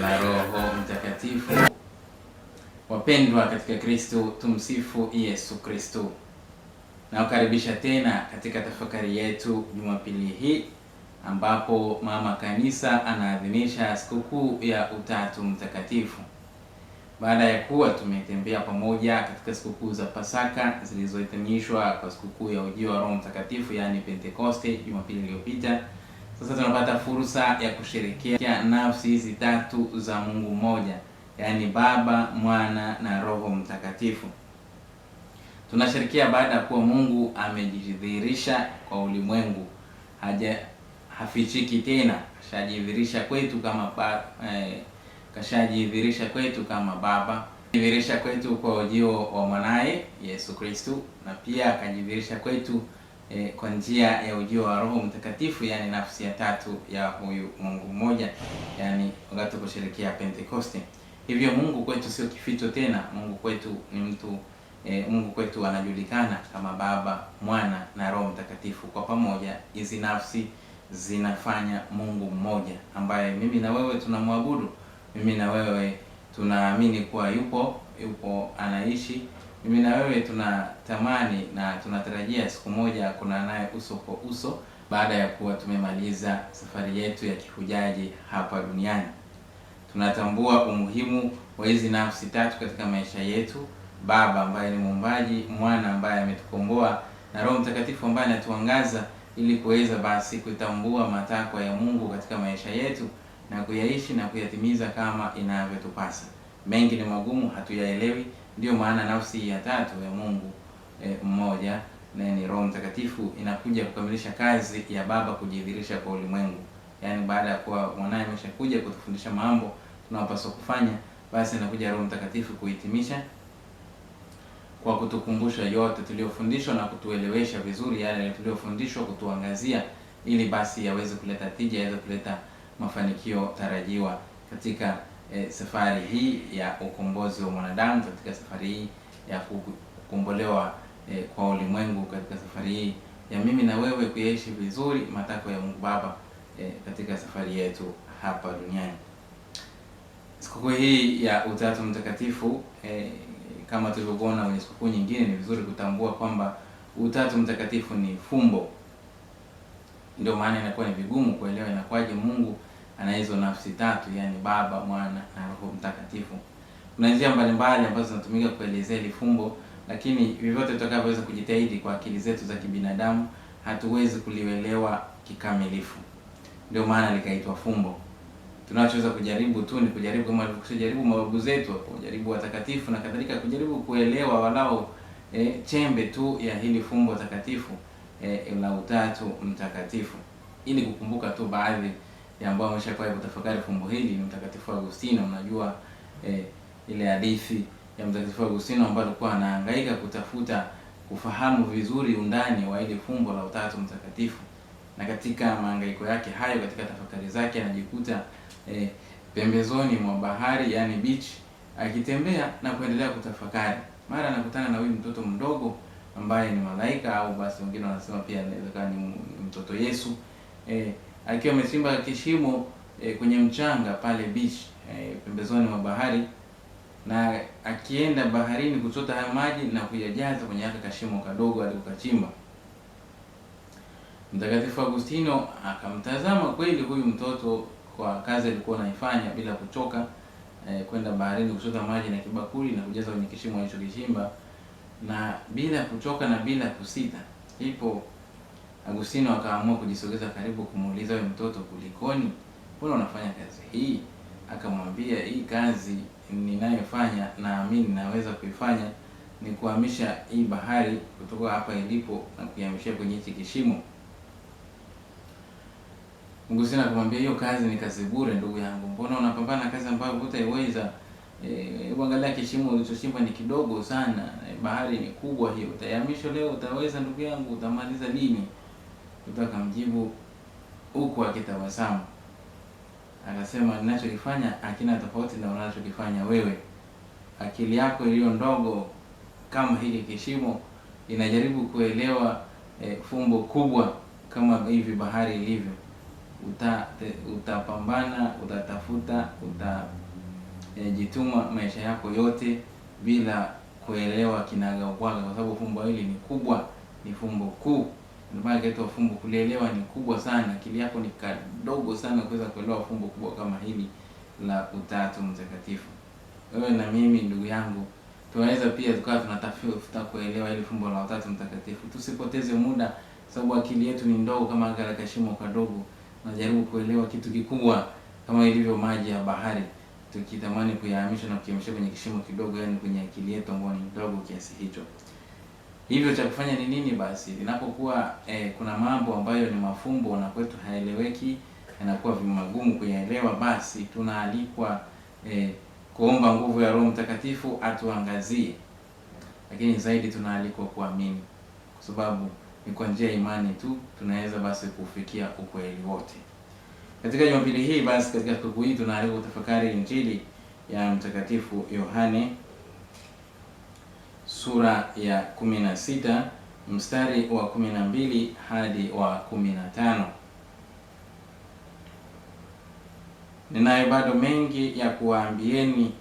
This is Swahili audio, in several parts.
la Roho Mtakatifu. Wapendwa katika Kristo, tumsifu Yesu Kristo. Nawakaribisha tena katika tafakari yetu Jumapili hii ambapo mama kanisa anaadhimisha sikukuu ya Utatu Mtakatifu. Baada ya kuwa tumetembea pamoja katika sikukuu za Pasaka zilizohitimishwa kwa sikukuu ya ujio wa Roho Mtakatifu, yaani Pentekoste, Jumapili iliyopita sasa tunapata fursa ya kusherekea nafsi hizi tatu za Mungu mmoja, yaani Baba, Mwana na Roho Mtakatifu. Tunasherekea baada ya kuwa Mungu amejidhihirisha kwa ulimwengu, haja hafichiki tena, kashajidhihirisha kwetu kama ba, eh, kashajidhihirisha kwetu kama Baba, jidhihirisha kwetu kwa ujio wa mwanaye Yesu Kristu, na pia akajidhihirisha kwetu e, kwa njia ya ujio wa Roho Mtakatifu, yani nafsi ya tatu ya huyu Mungu mmoja, yani wakati kusherekea Pentekoste. Hivyo Mungu kwetu sio kificho tena, Mungu kwetu ni mtu e, Mungu kwetu anajulikana kama Baba, Mwana na Roho Mtakatifu. Kwa pamoja hizi nafsi zinafanya Mungu mmoja ambaye mimi na wewe tunamwabudu, mimi na wewe tunaamini kuwa yupo yupo, anaishi mimi na wewe tunatamani na tunatarajia siku moja kuna naye uso kwa uso baada ya kuwa tumemaliza safari yetu ya kihujaji hapa duniani. Tunatambua umuhimu wa hizi nafsi tatu katika maisha yetu: Baba ambaye ni muumbaji, Mwana ambaye ametukomboa na Roho Mtakatifu ambaye anatuangaza ili kuweza basi kutambua matakwa ya Mungu katika maisha yetu na kuyaishi na kuyatimiza kama inavyotupasa. Mengi ni magumu, hatuyaelewi, Ndiyo maana nafsi ya tatu ya Mungu e, mmoja na ni Roho Mtakatifu inakuja kukamilisha kazi ya Baba kujidhihirisha kwa ulimwengu. Yaani baada ya kuwa mwanaye ameshakuja kutufundisha mambo tunayopaswa kufanya, basi inakuja Roho Mtakatifu kuhitimisha kwa kutukumbusha yote tuliyofundishwa na kutuelewesha vizuri yale tuliyofundishwa, kutuangazia ili basi yaweze kuleta tija, yaweze kuleta mafanikio tarajiwa katika e, safari hii ya ukombozi wa mwanadamu, katika safari hii ya kukombolewa e, kwa ulimwengu, katika safari hii ya mimi na wewe kuyaishi vizuri matakwa ya Mungu Baba e, katika safari yetu hapa duniani. Sikukuu hii ya Utatu Mtakatifu e, kama tulivyoona kwenye sikukuu nyingine, ni vizuri kutambua kwamba Utatu Mtakatifu ni fumbo. Ndio maana inakuwa ni vigumu kuelewa inakwaje Mungu ana hizo nafsi tatu, yani Baba, Mwana na Roho Mtakatifu. Kuna njia mbalimbali ambazo zinatumika kuelezea hili fumbo, lakini vyovyote tutakavyoweza kujitahidi kwa akili zetu za kibinadamu, hatuwezi kuliwelewa kikamilifu. Ndio maana likaitwa fumbo. Tunachoweza kujaribu tu ni kujaribu, kama walivyokushajaribu mababu zetu hapo, kujaribu watakatifu na kadhalika, kujaribu kuelewa walao e, eh, chembe tu ya hili fumbo takatifu e, la Utatu Mtakatifu, ili kukumbuka tu baadhi ambao ameshakuwa kutafakari fumbo hili ni Mtakatifu Agustino. Unajua eh, ile hadithi ya Mtakatifu Agustino ambayo alikuwa anahangaika kutafuta kufahamu vizuri undani wa ile fumbo la Utatu Mtakatifu, na katika mahangaiko yake hayo, katika tafakari zake anajikuta eh, pembezoni mwa bahari, yani beach, akitembea na kuendelea kutafakari. Mara anakutana na huyu mtoto mdogo ambaye ni malaika au basi wengine wanasema pia inawezekana ni mtoto Yesu eh, akiwa amechimba kishimo e, eh, kwenye mchanga pale beach e, pembezoni mwa bahari na akienda baharini kuchota haya maji na kuyajaza kwenye aka kashimo kadogo alikokachimba. Mtakatifu Agustino akamtazama kweli huyu mtoto kwa kazi alikuwa anaifanya bila kuchoka, e, kwenda baharini kuchota maji na kibakuli na kujaza kwenye kishimo alichokichimba na bila kuchoka na bila kusita ipo Agustino akaamua kujisogeza karibu kumuuliza yule mtoto, kulikoni? Mbona unafanya kazi hii? Akamwambia, hii kazi ninayofanya naamini naweza kuifanya ni kuhamisha hii bahari kutoka hapa ilipo na kuihamishia kwenye hichi kishimo. Agustino akamwambia, hiyo kazi ni kazi bure ndugu yangu, mbona unapambana kazi ambayo hutaiweza? E, eh, angalia kishimo ulichochimba ni kidogo sana, e, bahari ni kubwa hiyo. Utaihamisha leo, utaweza ndugu yangu? Utamaliza lini? Mtu akamjibu huku akitabasamu, akasema ninachokifanya akina tofauti na unachokifanya wewe. Akili yako iliyo ndogo kama hili kishimo inajaribu kuelewa e, fumbo kubwa kama hivi bahari ilivyo. Uta, utapambana, utatafuta, utajituma eh, e, maisha yako yote bila kuelewa kinaga ukwaga, kwa sababu fumbo hili ni kubwa, ni fumbo kuu. Ndio maana kaitwa fumbo. Kulielewa ni kubwa sana, akili yako ni kadogo sana kuweza kuelewa fumbo kubwa kama hili la Utatu Mtakatifu. Wewe na mimi, ndugu yangu, tunaweza pia tukawa tunatafuta kuelewa hili fumbo la Utatu Mtakatifu. Tusipoteze muda, sababu akili yetu ni ndogo kama katika kashimo kadogo, najaribu kuelewa kitu kikubwa kama ilivyo maji ya bahari, tukitamani kuyahamisha na kukiamisha kwenye kishimo kidogo, yani kwenye akili yetu ambayo ni ndogo kiasi hicho. Hivyo cha kufanya ni nini basi? Inapokuwa eh, kuna mambo ambayo ni mafumbo na kwetu haeleweki, yanakuwa vimagumu kuyaelewa, basi tunaalikwa eh, kuomba nguvu ya Roho Mtakatifu atuangazie, lakini zaidi tunaalikwa kuamini, kwa sababu ni kwa njia ya imani tu tunaweza basi kufikia ukweli wote. Katika Jumapili hii basi, katika siku hii tunaalikwa kutafakari Injili ya Mtakatifu Yohane sura ya 16 mstari wa 12 hadi wa 15. Ninayo bado mengi ya kuwaambieni,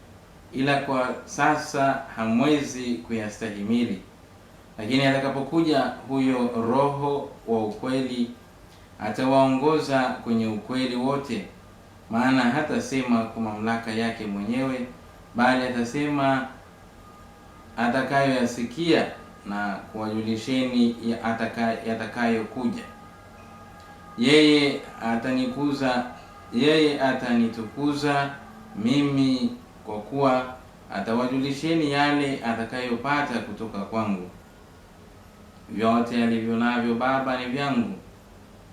ila kwa sasa hamwezi kuyastahimili. Lakini atakapokuja huyo Roho wa ukweli, atawaongoza kwenye ukweli wote, maana hatasema kwa mamlaka yake mwenyewe, bali atasema atakayoyasikia na kuwajulisheni yatakayokuja. Yeye atanikuza, yeye atanitukuza mimi, kwa kuwa atawajulisheni yale atakayopata kutoka kwangu. Vyote alivyo navyo Baba ni vyangu.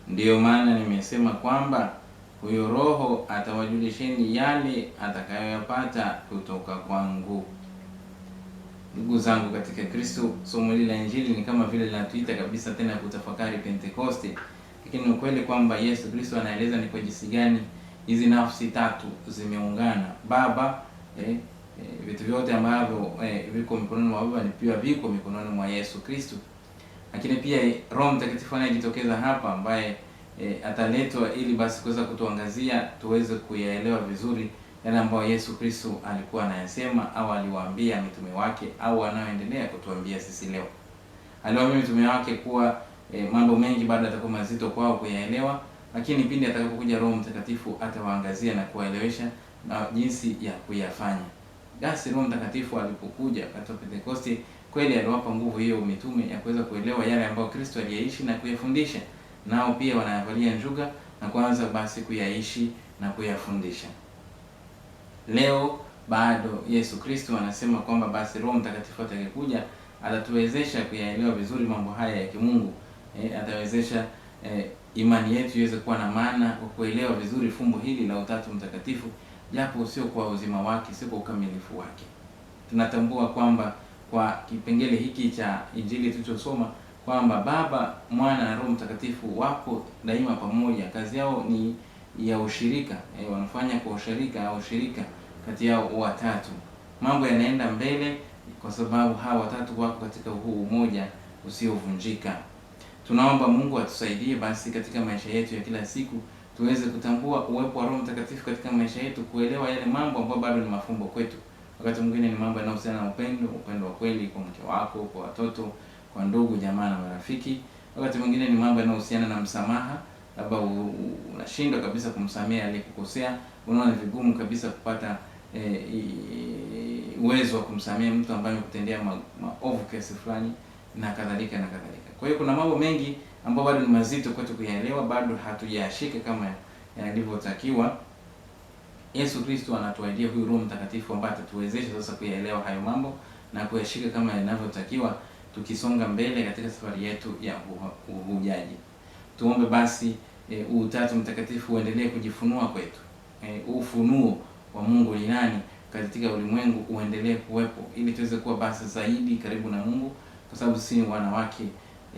Ndiyo maana nimesema kwamba huyo Roho atawajulisheni yale atakayoyapata kutoka kwangu. Ndugu zangu katika Kristo, somo hili la Injili ni kama vile linatuita kabisa tena kutafakari Pentekoste, lakini ni ukweli kwamba Yesu Kristo anaeleza ni kwa jinsi gani hizi nafsi tatu zimeungana. Baba eh, eh, vitu vyote ambavyo eh, viko mikononi mwa Baba ni pia viko mikononi mwa Yesu Kristo, lakini pia eh, Roho Mtakatifu anayejitokeza hapa ambaye eh, ataletwa ili basi kuweza kutuangazia tuweze kuyaelewa vizuri yale ambayo Yesu Kristo alikuwa anayasema au aliwaambia mitume wake au anayoendelea kutuambia sisi leo. Aliwaambia mitume wake kuwa e, mambo mengi bado yatakuwa mazito kwao kuyaelewa, lakini pindi atakapokuja Roho Mtakatifu atawaangazia na kuwaelewesha na jinsi ya kuyafanya. Basi Roho Mtakatifu alipokuja wakati wa Pentekoste kweli aliwapa nguvu hiyo mitume ya kuweza kuelewa yale ambayo Kristo aliyaishi na kuyafundisha, nao pia wanayavalia njuga na kuanza basi kuyaishi na kuyafundisha leo bado Yesu Kristo anasema kwamba basi Roho Mtakatifu atakayekuja atatuwezesha kuyaelewa vizuri mambo haya ya kimungu. E, atawezesha e, imani yetu iweze kuwa na maana kwa kuelewa vizuri fumbo hili la Utatu Mtakatifu, japo sio kwa uzima wake, sio kwa ukamilifu wake. Tunatambua kwamba kwa kipengele hiki cha Injili tulichosoma kwamba Baba, Mwana na Roho Mtakatifu wako daima pamoja, kazi yao ni ya ushirika e, wanafanya kwa ushirika au ushirika kati yao watatu. Mambo yanaenda mbele kwa sababu hawa watatu wako katika huu umoja usiovunjika. Tunaomba Mungu atusaidie basi katika maisha yetu ya kila siku tuweze kutambua uwepo wa Roho Mtakatifu katika maisha yetu, kuelewa yale mambo ambayo bado ni mafumbo kwetu. Wakati mwingine ni mambo yanayohusiana na upendo, upendo wa kweli kwa mke wako, kwa watoto, kwa ndugu, jamaa na marafiki. Wakati mwingine ni mambo yanayohusiana na msamaha labda unashindwa kabisa kumsamehe aliyekukosea, unaona ni vigumu kabisa kupata e, uwezo wa kumsamehe mtu ambaye amekutendea maovu ma kiasi fulani na kadhalika na kadhalika. Kwa hiyo kuna mambo mengi ambayo bado ni mazito kwetu kuyaelewa, bado hatujashika kama yanavyotakiwa. Yesu Kristo anatuahidia huyu Roho Mtakatifu ambaye atatuwezesha sasa kuyaelewa hayo mambo na kuyashika kama yanavyotakiwa, tukisonga mbele katika safari yetu ya uhujaji. Tuombe basi e, Utatu Mtakatifu uendelee kujifunua kwetu, e, ufunuo wa Mungu ni nani katika ulimwengu uendelee kuwepo, ili tuweze kuwa basi zaidi karibu na Mungu, kwa sababu sisi ni wana wake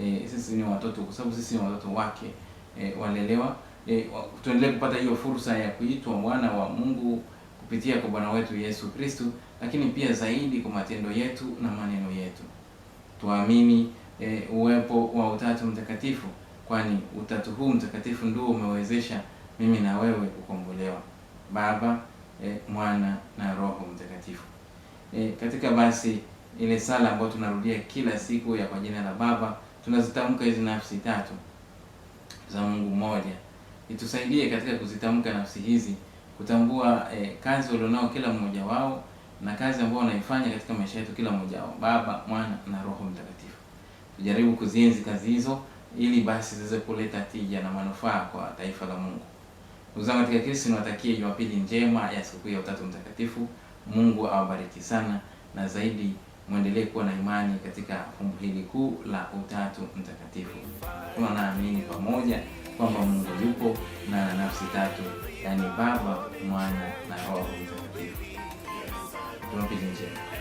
e, sisi ni watoto, kwa sababu sisi ni watoto wake e, walelewa e, tuendelee kupata hiyo fursa ya kuitwa mwana wa Mungu kupitia kwa Bwana wetu Yesu kristu lakini pia zaidi kwa matendo yetu na maneno yetu. Tuamini e, uwepo wa Utatu Mtakatifu kwani utatu huu mtakatifu ndio umewezesha mimi na wewe kukombolewa: Baba e, Mwana na Roho Mtakatifu. E, katika basi ile sala ambayo tunarudia kila siku ya kwa jina la Baba tunazitamka hizi nafsi tatu za Mungu mmoja, itusaidie katika kuzitamka nafsi hizi kutambua e, kazi walionao kila mmoja wao na kazi ambayo wanaifanya katika maisha yetu kila mmoja wao, Baba Mwana na Roho Mtakatifu. Tujaribu kuzienzi kazi hizo ili basi ziweze kuleta tija na manufaa kwa taifa la Mungu. Ndugu zangu katika Kristo, niwatakie Jumapili njema ya sikukuu ya Utatu Mtakatifu. Mungu awabariki sana na zaidi mwendelee kuwa na imani katika fumbo hili kuu la Utatu Mtakatifu. naamini pamoja kwamba Mungu yupo na ana nafsi tatu, yaani Baba, Mwana na Roho Mtakatifu. Jumapili njema.